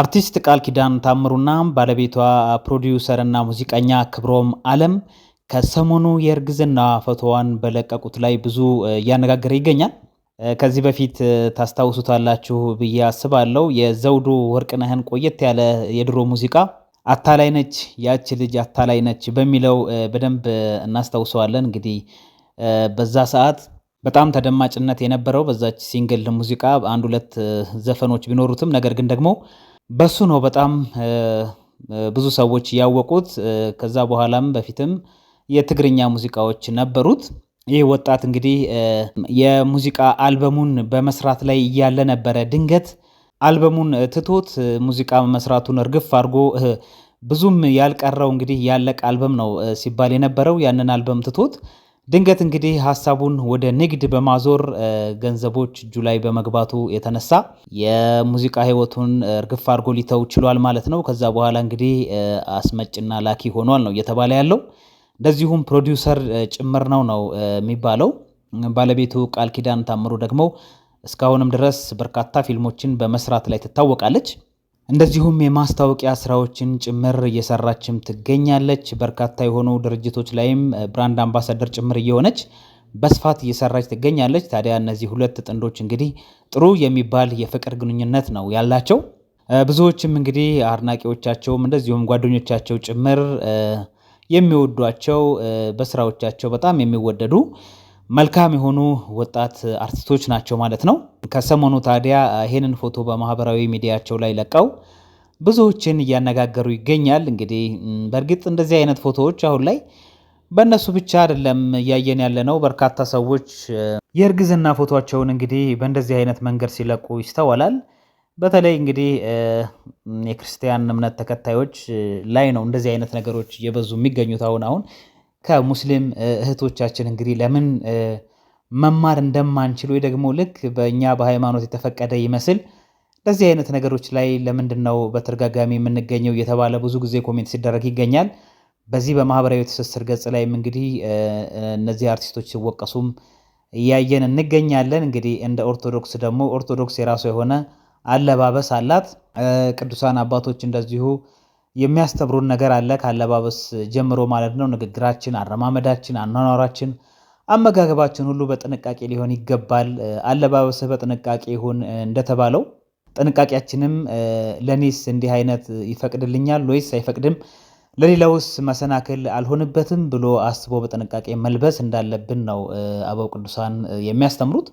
አርቲስት ቃል ኪዳን ታምሩና ባለቤቷ ፕሮዲውሰርና ሙዚቀኛ ክብሮም አለም ከሰሞኑ የእርግዝና ፎቶዋን በለቀቁት ላይ ብዙ እያነጋገረ ይገኛል። ከዚህ በፊት ታስታውሱታላችሁ ብዬ አስባለሁ። የዘውዱ ወርቅነህን ቆየት ያለ የድሮ ሙዚቃ አታላይ ነች ያች ልጅ አታላይ ነች በሚለው በደንብ እናስታውሰዋለን። እንግዲህ በዛ ሰዓት በጣም ተደማጭነት የነበረው በዛች ሲንግል ሙዚቃ አንድ ሁለት ዘፈኖች ቢኖሩትም ነገር ግን ደግሞ በሱ ነው በጣም ብዙ ሰዎች ያወቁት። ከዛ በኋላም በፊትም የትግርኛ ሙዚቃዎች ነበሩት። ይህ ወጣት እንግዲህ የሙዚቃ አልበሙን በመስራት ላይ እያለ ነበረ ድንገት አልበሙን ትቶት ሙዚቃ መስራቱን እርግፍ አድርጎ ብዙም ያልቀረው እንግዲህ ያለቀ አልበም ነው ሲባል የነበረው ያንን አልበም ትቶት ድንገት እንግዲህ ሀሳቡን ወደ ንግድ በማዞር ገንዘቦች እጁ ላይ በመግባቱ የተነሳ የሙዚቃ ህይወቱን እርግፍ አድርጎ ሊተው ችሏል ማለት ነው። ከዛ በኋላ እንግዲህ አስመጭና ላኪ ሆኗል ነው እየተባለ ያለው። እንደዚሁም ፕሮዲውሰር ጭምር ነው ነው የሚባለው። ባለቤቱ ቃል ኪዳን ታምሩ ደግሞ እስካሁንም ድረስ በርካታ ፊልሞችን በመስራት ላይ ትታወቃለች። እንደዚሁም የማስታወቂያ ስራዎችን ጭምር እየሰራችም ትገኛለች። በርካታ የሆኑ ድርጅቶች ላይም ብራንድ አምባሳደር ጭምር እየሆነች በስፋት እየሰራች ትገኛለች። ታዲያ እነዚህ ሁለት ጥንዶች እንግዲህ ጥሩ የሚባል የፍቅር ግንኙነት ነው ያላቸው። ብዙዎችም እንግዲህ አድናቂዎቻቸውም እንደዚሁም ጓደኞቻቸው ጭምር የሚወዷቸው በስራዎቻቸው በጣም የሚወደዱ መልካም የሆኑ ወጣት አርቲስቶች ናቸው ማለት ነው። ከሰሞኑ ታዲያ ይህንን ፎቶ በማህበራዊ ሚዲያቸው ላይ ለቀው ብዙዎችን እያነጋገሩ ይገኛል። እንግዲህ በእርግጥ እንደዚህ አይነት ፎቶዎች አሁን ላይ በእነሱ ብቻ አይደለም እያየን ያለ ነው በርካታ ሰዎች የእርግዝና ፎቶቸውን እንግዲህ በእንደዚህ አይነት መንገድ ሲለቁ ይስተዋላል። በተለይ እንግዲህ የክርስቲያን እምነት ተከታዮች ላይ ነው እንደዚህ አይነት ነገሮች እየበዙ የሚገኙት አሁን አሁን ከሙስሊም እህቶቻችን እንግዲህ ለምን መማር እንደማንችል ወይ ደግሞ ልክ በእኛ በሃይማኖት የተፈቀደ ይመስል እንደዚህ አይነት ነገሮች ላይ ለምንድን ነው በተደጋጋሚ የምንገኘው እየተባለ ብዙ ጊዜ ኮሜንት ሲደረግ ይገኛል። በዚህ በማህበራዊ ትስስር ገጽ ላይም እንግዲህ እነዚህ አርቲስቶች ሲወቀሱም እያየን እንገኛለን። እንግዲህ እንደ ኦርቶዶክስ ደግሞ ኦርቶዶክስ የራሱ የሆነ አለባበስ አላት። ቅዱሳን አባቶች እንደዚሁ የሚያስተምሩን ነገር አለ ካለባበስ ጀምሮ ማለት ነው። ንግግራችን፣ አረማመዳችን፣ አኗኗራችን፣ አመጋገባችን ሁሉ በጥንቃቄ ሊሆን ይገባል። አለባበስህ በጥንቃቄ ይሁን እንደተባለው ጥንቃቄያችንም ለኔስ እንዲህ አይነት ይፈቅድልኛል ወይስ አይፈቅድም፣ ለሌላውስ መሰናክል አልሆንበትም ብሎ አስቦ በጥንቃቄ መልበስ እንዳለብን ነው አበው ቅዱሳን የሚያስተምሩት።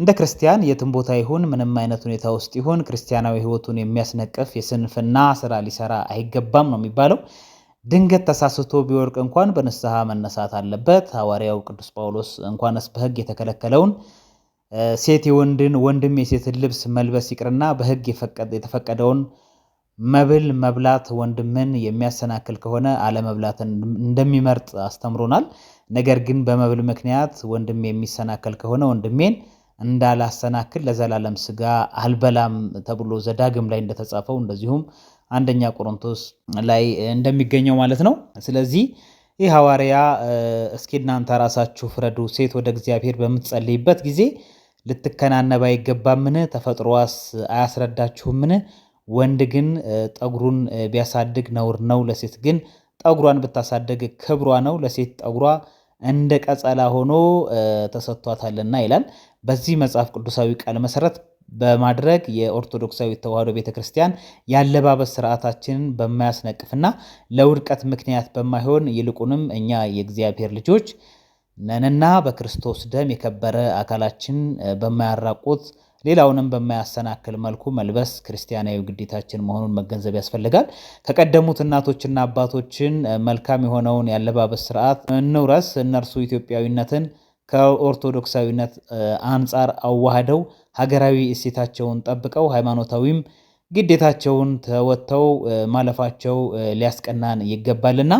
እንደ ክርስቲያን የትም ቦታ ይሁን ምንም አይነት ሁኔታ ውስጥ ይሁን ክርስቲያናዊ ህይወቱን የሚያስነቅፍ የስንፍና ስራ ሊሰራ አይገባም ነው የሚባለው። ድንገት ተሳስቶ ቢወርቅ እንኳን በንስሐ መነሳት አለበት። ሐዋርያው ቅዱስ ጳውሎስ እንኳንስ በህግ የተከለከለውን ሴት የወንድን ወንድም የሴትን ልብስ መልበስ ይቅርና በህግ የተፈቀደውን መብል መብላት ወንድምን የሚያሰናክል ከሆነ አለመብላትን እንደሚመርጥ አስተምሮናል። ነገር ግን በመብል ምክንያት ወንድም የሚሰናከል ከሆነ ወንድሜን እንዳላሰናክል ለዘላለም ስጋ አልበላም ተብሎ ዘዳግም ላይ እንደተጻፈው እንደዚሁም አንደኛ ቆሮንቶስ ላይ እንደሚገኘው ማለት ነው። ስለዚህ ይህ ሐዋርያ እስኪ እናንተ ራሳችሁ ፍረዱ፣ ሴት ወደ እግዚአብሔር በምትጸልይበት ጊዜ ልትከናነብ አይገባምን? ተፈጥሮዋስ አያስረዳችሁምን? ወንድ ግን ጠጉሩን ቢያሳድግ ነውር ነው፣ ለሴት ግን ጠጉሯን ብታሳደግ ክብሯ ነው። ለሴት ጠጉሯ እንደ ቀጸላ ሆኖ ተሰጥቷታልና ይላል። በዚህ መጽሐፍ ቅዱሳዊ ቃል መሰረት በማድረግ የኦርቶዶክሳዊ ተዋህዶ ቤተ ክርስቲያን የአለባበስ ስርዓታችንን በማያስነቅፍና ለውድቀት ምክንያት በማይሆን ይልቁንም እኛ የእግዚአብሔር ልጆች ነንና በክርስቶስ ደም የከበረ አካላችን በማያራቁት ሌላውንም በማያሰናክል መልኩ መልበስ ክርስቲያናዊ ግዴታችን መሆኑን መገንዘብ ያስፈልጋል። ከቀደሙት እናቶችና አባቶችን መልካም የሆነውን ያለባበስ ስርዓት እንውረስ። እነርሱ ኢትዮጵያዊነትን ከኦርቶዶክሳዊነት አንጻር አዋህደው ሀገራዊ እሴታቸውን ጠብቀው ሃይማኖታዊም ግዴታቸውን ተወጥተው ማለፋቸው ሊያስቀናን ይገባልና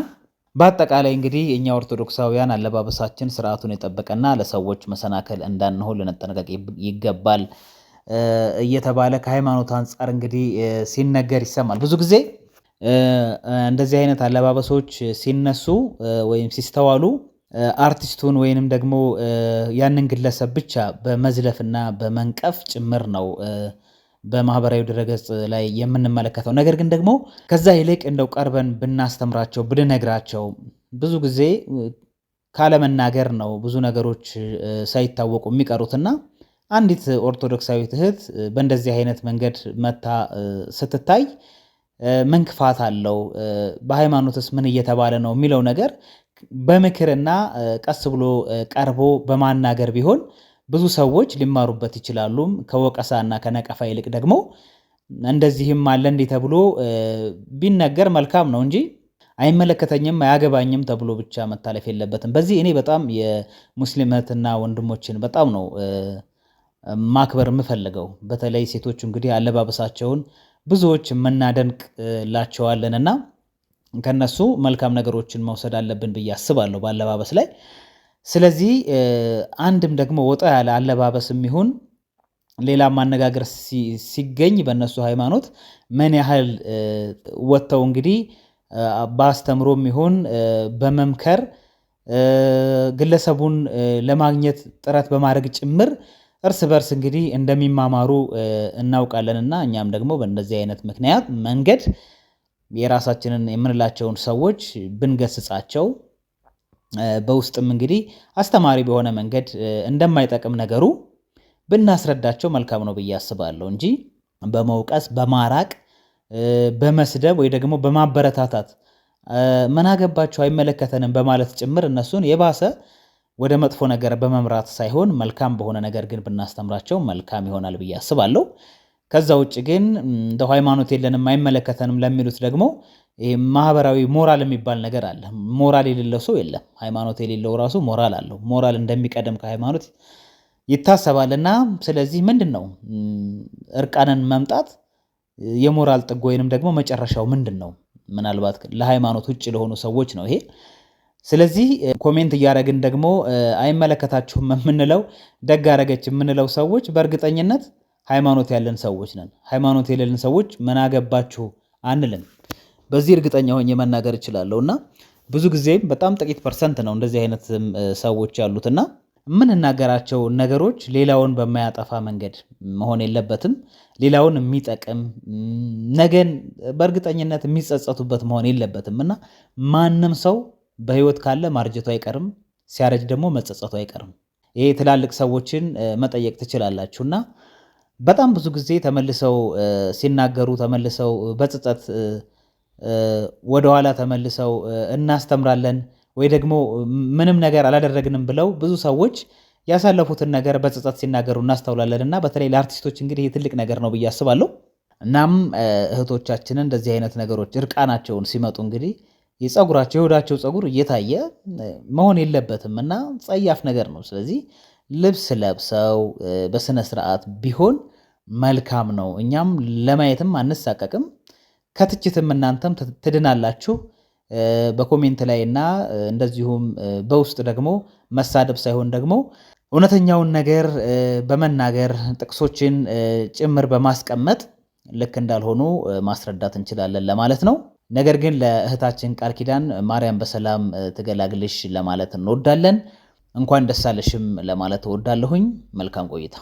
በአጠቃላይ እንግዲህ እኛ ኦርቶዶክሳውያን አለባበሳችን ስርዓቱን የጠበቀና ለሰዎች መሰናከል እንዳንሆን ልንጠነቀቅ ይገባል እየተባለ ከሃይማኖት አንጻር እንግዲህ ሲነገር ይሰማል። ብዙ ጊዜ እንደዚህ አይነት አለባበሶች ሲነሱ ወይም ሲስተዋሉ አርቲስቱን ወይንም ደግሞ ያንን ግለሰብ ብቻ በመዝለፍና በመንቀፍ ጭምር ነው በማህበራዊ ድረገጽ ላይ የምንመለከተው። ነገር ግን ደግሞ ከዛ ይልቅ እንደው ቀርበን ብናስተምራቸው ብንነግራቸው ብዙ ጊዜ ካለመናገር ነው ብዙ ነገሮች ሳይታወቁ የሚቀሩትና አንዲት ኦርቶዶክሳዊት እህት በእንደዚህ አይነት መንገድ መታ ስትታይ ምን ክፋት አለው? በሃይማኖትስ ምን እየተባለ ነው የሚለው ነገር በምክርና ቀስ ብሎ ቀርቦ በማናገር ቢሆን ብዙ ሰዎች ሊማሩበት ይችላሉ። ከወቀሳና ከነቀፋ ይልቅ ደግሞ እንደዚህም አለ እንዲህ ተብሎ ቢነገር መልካም ነው እንጂ አይመለከተኝም አያገባኝም ተብሎ ብቻ መታለፍ የለበትም። በዚህ እኔ በጣም የሙስሊም እህትና ወንድሞችን በጣም ነው ማክበር የምፈልገው። በተለይ ሴቶቹ እንግዲህ አለባበሳቸውን ብዙዎች እና ከነሱ መልካም ነገሮችን መውሰድ አለብን ብዬ አስባለሁ በአለባበስ ላይ ስለዚህ አንድም ደግሞ ወጣ ያለ አለባበስ የሚሆን ሌላም ማነጋገር ሲገኝ በእነሱ ሃይማኖት ምን ያህል ወጥተው እንግዲህ በአስተምሮ የሚሆን በመምከር ግለሰቡን ለማግኘት ጥረት በማድረግ ጭምር እርስ በርስ እንግዲህ እንደሚማማሩ እናውቃለን እና እኛም ደግሞ በእነዚህ አይነት ምክንያት መንገድ የራሳችንን የምንላቸውን ሰዎች ብንገስጻቸው በውስጥም እንግዲህ አስተማሪ በሆነ መንገድ እንደማይጠቅም ነገሩ ብናስረዳቸው መልካም ነው ብዬ አስባለሁ እንጂ በመውቀስ በማራቅ በመስደብ ወይ ደግሞ በማበረታታት መናገባቸው አይመለከተንም በማለት ጭምር እነሱን የባሰ ወደ መጥፎ ነገር በመምራት ሳይሆን መልካም በሆነ ነገር ግን ብናስተምራቸው መልካም ይሆናል ብዬ አስባለሁ። ከዛ ውጭ ግን እንደው ሃይማኖት የለንም አይመለከተንም ለሚሉት ደግሞ ማህበራዊ ሞራል የሚባል ነገር አለ። ሞራል የሌለው ሰው የለም። ሃይማኖት የሌለው ራሱ ሞራል አለው። ሞራል እንደሚቀደም ከሃይማኖት ይታሰባል። እና ስለዚህ ምንድን ነው እርቃንን መምጣት የሞራል ጥግ ወይንም ደግሞ መጨረሻው ምንድን ነው? ምናልባት ለሃይማኖት ውጭ ለሆኑ ሰዎች ነው ይሄ። ስለዚህ ኮሜንት እያደረግን ደግሞ አይመለከታችሁም የምንለው ደግ አረገች የምንለው ሰዎች በእርግጠኝነት ሃይማኖት ያለን ሰዎች ነን። ሃይማኖት የሌለን ሰዎች ምን አገባችሁ አንልም። በዚህ እርግጠኛ ሆኜ መናገር እችላለሁ። እና ብዙ ጊዜም በጣም ጥቂት ፐርሰንት ነው እንደዚህ አይነት ሰዎች እና የምንናገራቸው ነገሮች ሌላውን በማያጠፋ መንገድ መሆን የለበትም። ሌላውን የሚጠቅም ነገን በእርግጠኝነት የሚጸጸቱበት መሆን የለበትም እና ማንም ሰው በህይወት ካለ ማርጀቱ አይቀርም፣ ሲያረጅ ደግሞ መጸጸቱ አይቀርም። ይሄ ትላልቅ ሰዎችን መጠየቅ ትችላላችሁ እና በጣም ብዙ ጊዜ ተመልሰው ሲናገሩ ተመልሰው በጸጸት ወደኋላ ተመልሰው እናስተምራለን ወይ ደግሞ ምንም ነገር አላደረግንም ብለው ብዙ ሰዎች ያሳለፉትን ነገር በጸጸት ሲናገሩ እናስተውላለን እና በተለይ ለአርቲስቶች እንግዲህ ትልቅ ነገር ነው ብዬ አስባለሁ። እናም እህቶቻችንን እንደዚህ አይነት ነገሮች እርቃናቸውን ሲመጡ እንግዲህ የጸጉራቸው የሆዳቸው ጸጉር እየታየ መሆን የለበትም እና ጸያፍ ነገር ነው። ስለዚህ ልብስ ለብሰው በስነ ስርዓት ቢሆን መልካም ነው። እኛም ለማየትም አንሳቀቅም። ከትችትም እናንተም ትድናላችሁ። በኮሜንት ላይ እና እንደዚሁም በውስጥ ደግሞ መሳደብ ሳይሆን ደግሞ እውነተኛውን ነገር በመናገር ጥቅሶችን ጭምር በማስቀመጥ ልክ እንዳልሆኑ ማስረዳት እንችላለን ለማለት ነው። ነገር ግን ለእህታችን ቃል ኪዳን ማርያም በሰላም ትገላግልሽ ለማለት እንወዳለን። እንኳን ደሳለሽም ለማለት እወዳለሁኝ። መልካም ቆይታ